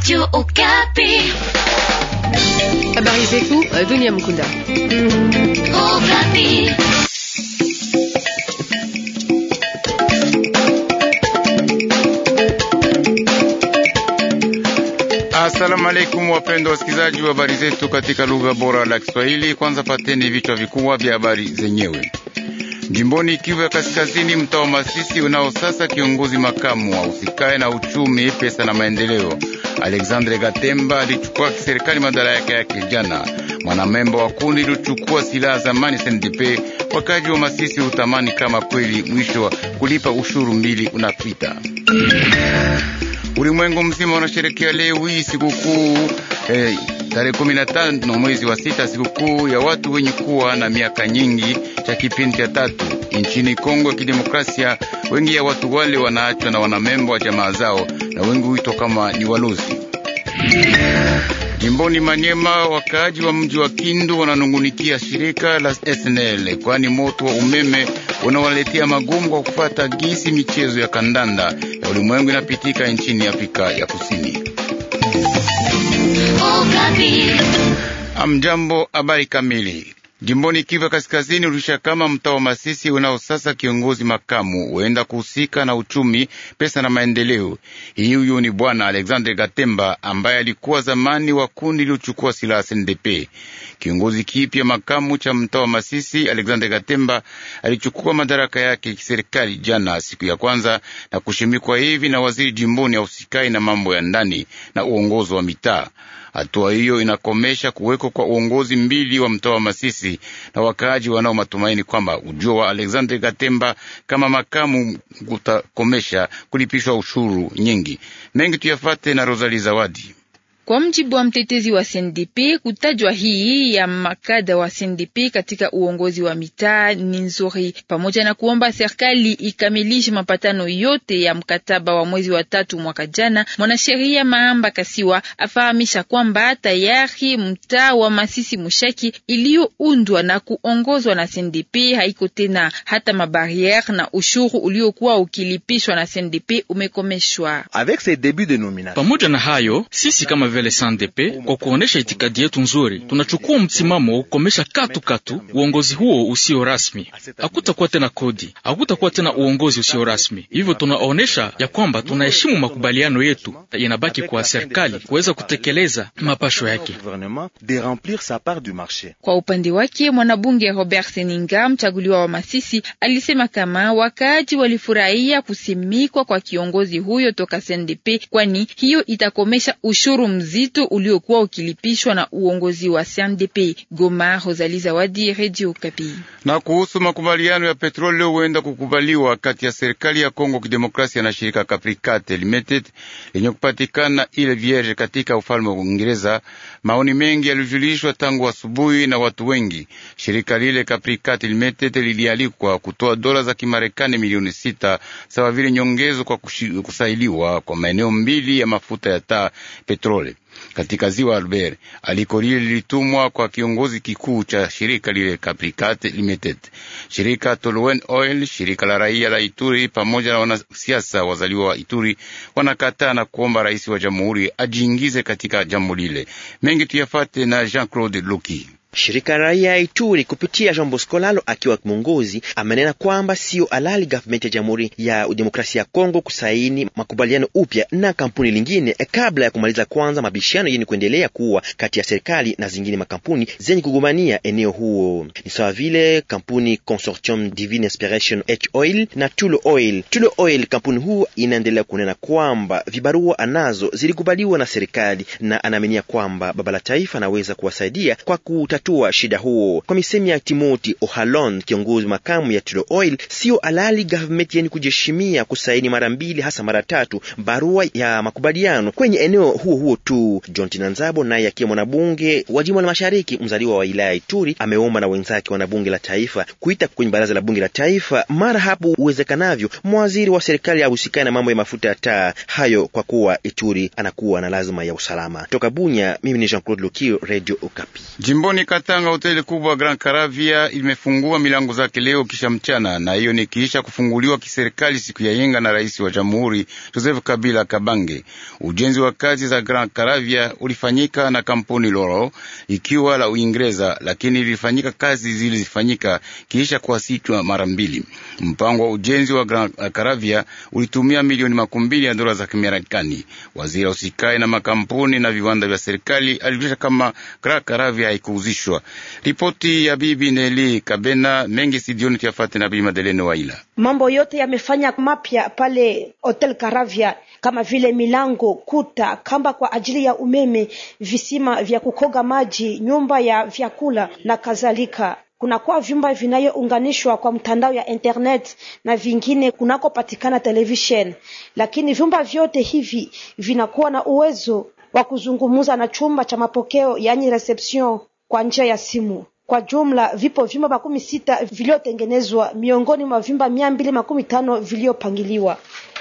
Radio Okapi. Habari zetu uh, dunia mkunda. Okapi. Asalamu alaykum, wapendwa wasikilizaji wa habari zetu katika lugha bora la Kiswahili. Kwanza pateni vichwa vikubwa vya habari zenyewe. Jimboni Kivu ya Kaskazini, mtaa wa Masisi unao sasa kiongozi makamu wa usikae na uchumi, pesa na maendeleo. Alexandre Gatemba alichukua serikali madara yake jana. Mwanamemba wa kundi ilichukua silaha zamani SNDP. Wakaji wa Masisi utamani kama kweli mwisho wa kulipa ushuru mbili unapita. Ulimwengu mzima unasherekea leo hii sikukuu eh, tarehe 15 mwezi wa sita, sikukuu ya watu wenye kuwa na miaka nyingi cha kipindi cha tatu nchini Kongo ya Kidemokrasia. Wengi ya watu wale wanaachwa na wanamemba wa jamaa zao na wengi huitwa kama ni walozi. Jimboni Manyema, wakaaji wa mji wa Kindu wananungunikia shirika la SNL kwani moto wa umeme unawaletea magumu kwa kufata gisi michezo ya kandanda ya ulimwengu inapitika nchini Afrika ya Kusini. Amjambo, habari kamili. Jimboni Kivu Kaskazini, kama mtaa wa Masisi unao sasa kiongozi makamu huenda kuhusika na uchumi, pesa na maendeleo. Hii huyu ni bwana Alexandre Gatemba ambaye alikuwa zamani wa kundi liliochukua silaha SNDP. Kiongozi kipya makamu cha mtaa wa Masisi, Alexandre Gatemba alichukua madaraka yake kiserikali jana siku ya kwanza na kushimikwa hivi na waziri jimboni ausikai na mambo ya ndani na uongozi wa mitaa. Hatua hiyo inakomesha kuwekwa kwa uongozi mbili wa mtaa wa Masisi, na wakaaji wanao matumaini kwamba ujio wa Alexander Katemba kama makamu kutakomesha kulipishwa ushuru nyingi. Mengi tuyafate na Rosali Zawadi. Kwa mjibu wa mtetezi wa CNDP, kutajwa hii ya makada wa CNDP katika uongozi wa mitaa ni nzuri, pamoja na kuomba serikali ikamilishe mapatano yote ya mkataba wa mwezi wa tatu mwaka jana. Mwanasheria Maamba Kasiwa afahamisha kwamba tayari mtaa wa Masisi Mushaki iliyoundwa na kuongozwa na CNDP haiko tena, hata mabariere na ushuru uliokuwa ukilipishwa na CNDP umekomeshwa. Pamoja na hayo, sisi kama vile SNDP kwa kuonesha itikadi yetu nzuri. Tunachukua msimamo wa kukomesha katukatu uongozi huo usio rasmi. Hakutakuwa tena kodi, hakutakuwa tena uongozi usio rasmi. Hivyo tunaonesha ya kwamba tunaheshimu makubaliano yetu, inabaki kwa serikali kuweza kutekeleza mapasho yake. Kwa upande wake mwanabunge Robert Seninga, mchaguliwa wa Masisi, alisema kama wakati walifurahia kusimikwa kwa kiongozi huyo toka SNDP, kwani hiyo itakomesha ushuru mzito uliokuwa ukilipishwa na uongozi wa CNDP. Goma, Rosali Zawadi, Radio Kapi. Na kuhusu makubaliano ya petroli leo huenda kukubaliwa kati ya serikali ya Kongo Kidemokrasia na shirika Capricat Limited lenye kupatikana ile Vierge katika ufalme wa Uingereza, maoni mengi yalijulishwa tangu asubuhi na watu wengi. Shirika lile Capricat Limited lilialikwa kutoa dola za Kimarekani milioni sita sawa vile nyongezo kwa kusailiwa kwa maeneo mbili ya mafuta ya taa petroli Albert katika ziwa Albert aliko lile lilitumwa kwa kiongozi kikuu cha shirika lile Capricat Limited, shirika Toluen Oil, shirika la raia la Ituri pamoja na wanasiasa wazaliwa wa Ituri wanakataa na kuomba rais wa jamhuri ajiingize katika jambo lile. Mengi tuyafate na Jean Claude Luki. Shirika raia ya Ituri kupitia Jean Bosco Lalo akiwa mwongozi amenena kwamba sio halali government ya Jamhuri ya Demokrasia ya Kongo kusaini makubaliano upya na kampuni lingine kabla ya kumaliza kwanza mabishano yenye kuendelea kuwa kati ya serikali na zingine makampuni zenye kugumania eneo huo, ni sawa vile kampuni Consortium Divine Inspiration H Oil na Tulo Oil. Tulo Oil, kampuni huu inaendelea kunena kwamba vibarua anazo zilikubaliwa na serikali na anaaminia kwamba baba la taifa anaweza kuwasaidia kwa kuta kutatua shida huo. Kwa misemi ya Timothy Ohalon, kiongozi makamu ya Tiro Oil, sio alali government yani kujeshimia kusaini mara mbili hasa mara tatu barua ya makubaliano kwenye eneo huo huo tu. John Tinanzabo naye akiwa mwanabunge wa jimbo la Mashariki mzaliwa wa wilaya Ituri ameomba na wenzake wanabunge la taifa kuita kwenye baraza la bunge la taifa mara hapo uwezekanavyo mawaziri wa serikali ahusikane na mambo ya mafuta ya taa hayo, kwa kuwa Ituri anakuwa na lazima ya usalama. Toka Bunya, mimi ni Jean Claude Luki, Radio Okapi jimboni Katanga, hoteli kubwa Grand Caravia imefungua milango zake leo kisha mchana, na hiyo ni kisha kufunguliwa kiserikali siku ya yenga na rais wa jamhuri Joseph Kabila Kabange. Ujenzi wa kazi za Grand Caravia ulifanyika na kampuni Loro ikiwa la Uingereza, lakini ilifanyika kazi zilizifanyika kiisha kuasitwa mara mbili. Mpango wa ujenzi wa Grand Caravia ulitumia milioni makumi mbili ya dola za Kimarekani. Waziri usikae na makampuni na viwanda vya serikali alijulisha kama Grand Caravia haikuuzishwa kuhusishwa. Ripoti ya Bibi Neli Kabena mengi sidioni tuyafate na Bibi Madeleine Waila. Mambo yote yamefanya mapya pale Hotel Karavia, kama vile milango, kuta, kamba kwa ajili ya umeme, visima vya kukoga maji, nyumba ya vyakula na kadhalika kunakuwa vyumba vinayounganishwa kwa mtandao ya internet na vingine kunakopatikana television, lakini vyumba vyote hivi vinakuwa na uwezo wa kuzungumza na chumba cha mapokeo, yaani reception kwa njia ya simu. Kwa jumla vipo vyumba makumi sita vilivyotengenezwa miongoni mwa vyumba mia mbili makumi tano viliyopangiliwa.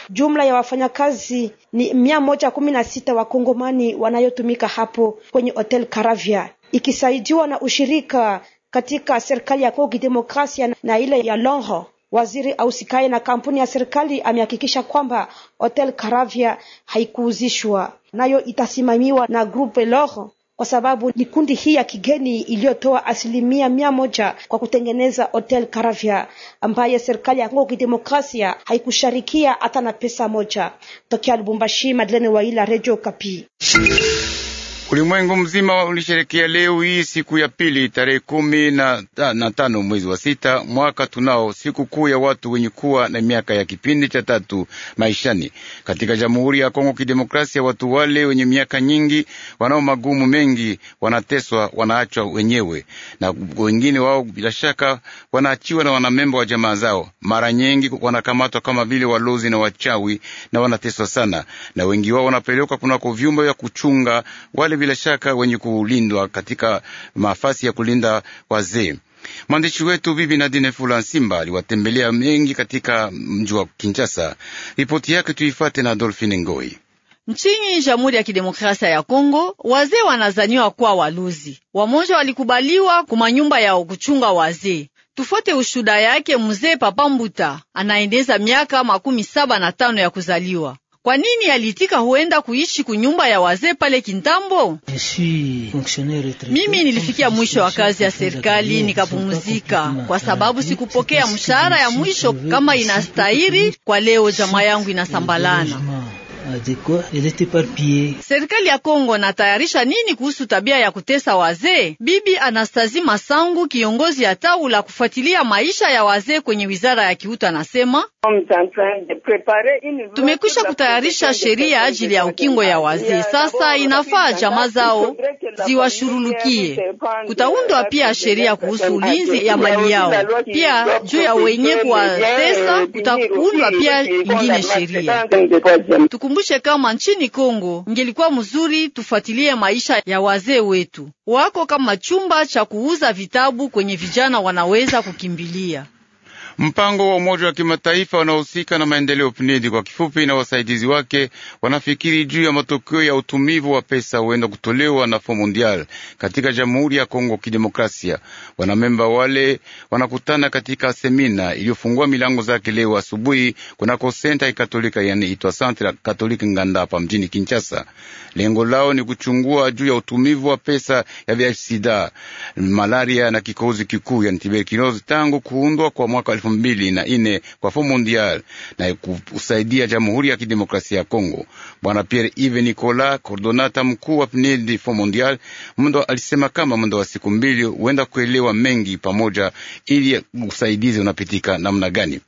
Jumla ya wafanyakazi ni mia moja kumi na sita wakongomani wanayotumika hapo kwenye Hotel caravia ikisaidiwa na ushirika katika serikali ya Kongo Kidemokrasia na ile ya Longo. Waziri ausikaye na kampuni ya serikali amehakikisha kwamba Hotel caravia haikuuzishwa, nayo itasimamiwa na Grupe Loro kwa sababu ni kundi hii ya kigeni iliyotoa asilimia mia moja kwa kutengeneza hotel Karavya ambaye serikali ya Kongo Kidemokrasia haikusharikia hata na pesa moja. Tokea Lubumbashi, Madlene Waila, Redio Kapi. Ulimwengu mzima ulisherekea leo hii siku ya pili tarehe kumi na, ta, na tano mwezi wa sita mwaka tunao siku kuu ya watu wenye kuwa na miaka ya kipindi cha tatu maishani katika Jamhuri ya Kongo Kidemokrasia. Watu wale wenye miaka nyingi wanao magumu mengi, wanateswa, wanaachwa wenyewe na wengine wao, bila shaka wanaachiwa na wanamemba wa jamaa zao. Mara nyingi wanakamatwa kama vile walozi na wachawi na wanateswa sana, na wengi wao wanapelekwa kunako vyumba vya kuchunga wale bila shaka wenye kulindwa katika mafasi ya kulinda wazee. Mwandishi wetu Bibi Nadine Fula Nsimba aliwatembelea mengi katika mji wa Kinshasa. Ripoti yake tuifate na Adolfine Ngoi. Nchini Jamhuri ya Kidemokrasia ya Kongo, wazee wanazaniwa kuwa waluzi. Wamoja walikubaliwa kumanyumba ya kuchunga wazee. Tufote ushuda yake mzee Papa Mbuta anaendeza miaka makumi saba na tano ya kuzaliwa. Kwa nini alitika huenda kuishi kunyumba ya wazee pale Kintambo? Mimi nilifikia mwisho wa kazi ya serikali nikapumzika, kwa sababu sikupokea mshahara ya mwisho kama inastahili. Kwa leo jamaa yangu inasambalana Serikali ya Kongo natayarisha nini kuhusu tabia ya kutesa wazee? Bibi Anastazi Masangu, kiongozi ya tawi la kufuatilia maisha ya wazee kwenye wizara ya kiutu, anasema tumekwisha kutayarisha sheria ajili ya ukingo ya wazee. Sasa inafaa jamaa zao ziwashurulukie. Kutaundwa pia sheria kuhusu ulinzi ya mali yao, pia juu ya wenye kuwatesa kutaundwa pia ingine sheria Tukumbu Tukumbushe kama nchini Kongo ingelikuwa mzuri tufuatilie maisha ya wazee wetu, wako kama chumba cha kuuza vitabu kwenye vijana wanaweza kukimbilia. Mpango wa Umoja wa Kimataifa wanaohusika na maendeleo PNID kwa kifupi, na wasaidizi wake wanafikiri juu ya matokeo ya utumivu wa pesa huenda kutolewa na Fond Mondial katika Jamhuri ya Kongo Kidemokrasia. Wanamemba wale wanakutana katika semina iliyofungua milango zake leo asubuhi kunako senta ya Katolika, yani itwa Centre Katolika Nganda hapa mjini Kinshasa. Lengo lao ni kuchungua juu ya utumivu wa pesa ya VIH, SIDA, malaria na kikohozi kikuu, yani tuberculosis tangu kuundwa kwa mwaka elfu elfu mbili na ine kwa Fo Mondial na kusaidia Jamhuri ya Kidemokrasia ya Kongo. Bwana Pierre Ive Nicolas, kordonata mkuu wa PNID e Fo Mondial, mndo alisema kama mundo wa siku mbili huenda kuelewa mengi pamoja, ili usaidizi unapitika namna gani.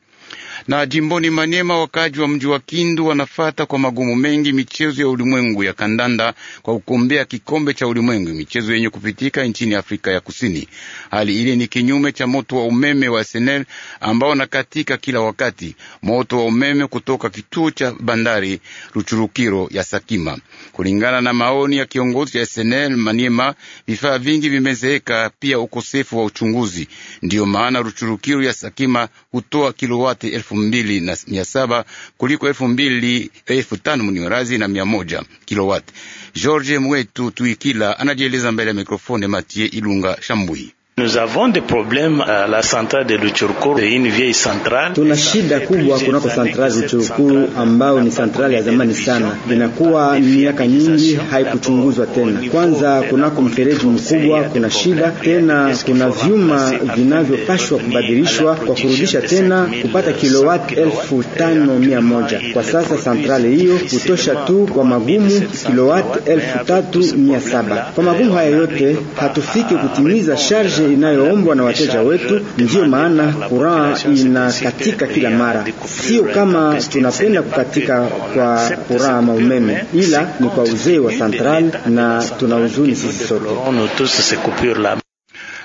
Na jimboni manyema wakaji wa mji wa Kindu wanafata kwa magumu mengi michezo ya ulimwengu ya kandanda kwa kukombea kikombe cha ulimwengu, michezo yenye kupitika nchini Afrika ya Kusini. Hali ile ni kinyume cha moto wa umeme wa SNEL ambao nakatika kila wakati, moto wa umeme kutoka kituo cha bandari Ruchurukiro ya Sakima. Kulingana na maoni ya kiongozi cha SNEL manyema vifaa vingi vimezeeka, pia ukosefu wa uchunguzi. Ndiyo maana Ruchurukiro ya Sakima hutoa kilowati elfu elfu mbili na mia saba kuliko elfu mbili elfu tano mniorazi na mia moja kilowati. George Mwetu Tuikila anajieleza mbele ya mikrofone Matie Ilunga Shambui. Nous avons des problèmes à la centrale de Luchurkuru, une vieille centrale. Tuna shida kubwa kunako centrale Luchurkuru ambayo ni centrale ya zamani sana, inakuwa miaka nyingi haikuchunguzwa tena. Kwanza kunako mfereji mkubwa kuna shida tena, kuna vyuma vinavyopashwa kubadilishwa kwa kurudisha tena kupata kilowati elfu tano mia moja. Kwa sasa centrale hiyo kutosha tu kwa magumu kilowati elfu tatu mia saba. Kwa magumu haya yote hatufiki kutimiza sharge inayoombwa na wateja wetu. Ndiyo maana kuraa inakatika kila mara, sio kama tunapenda kukatika kwa kuraa ma umeme, ila ni kwa uzee wa santral, na tuna huzuni sisi sote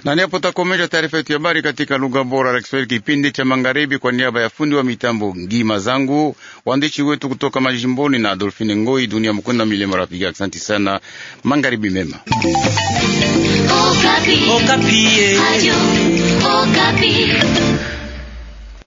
na niapo takomesha taarifa yetu ya habari katika lugha bora la Kiswahili, kipindi cha magharibi. Kwa niaba ya fundi wa mitambo ngima zangu, waandishi wetu kutoka majimboni na Adolfine Ngoi, dunia mkwenda milima rafiki, Asante sana, magharibi mema. Okapi. Okapi.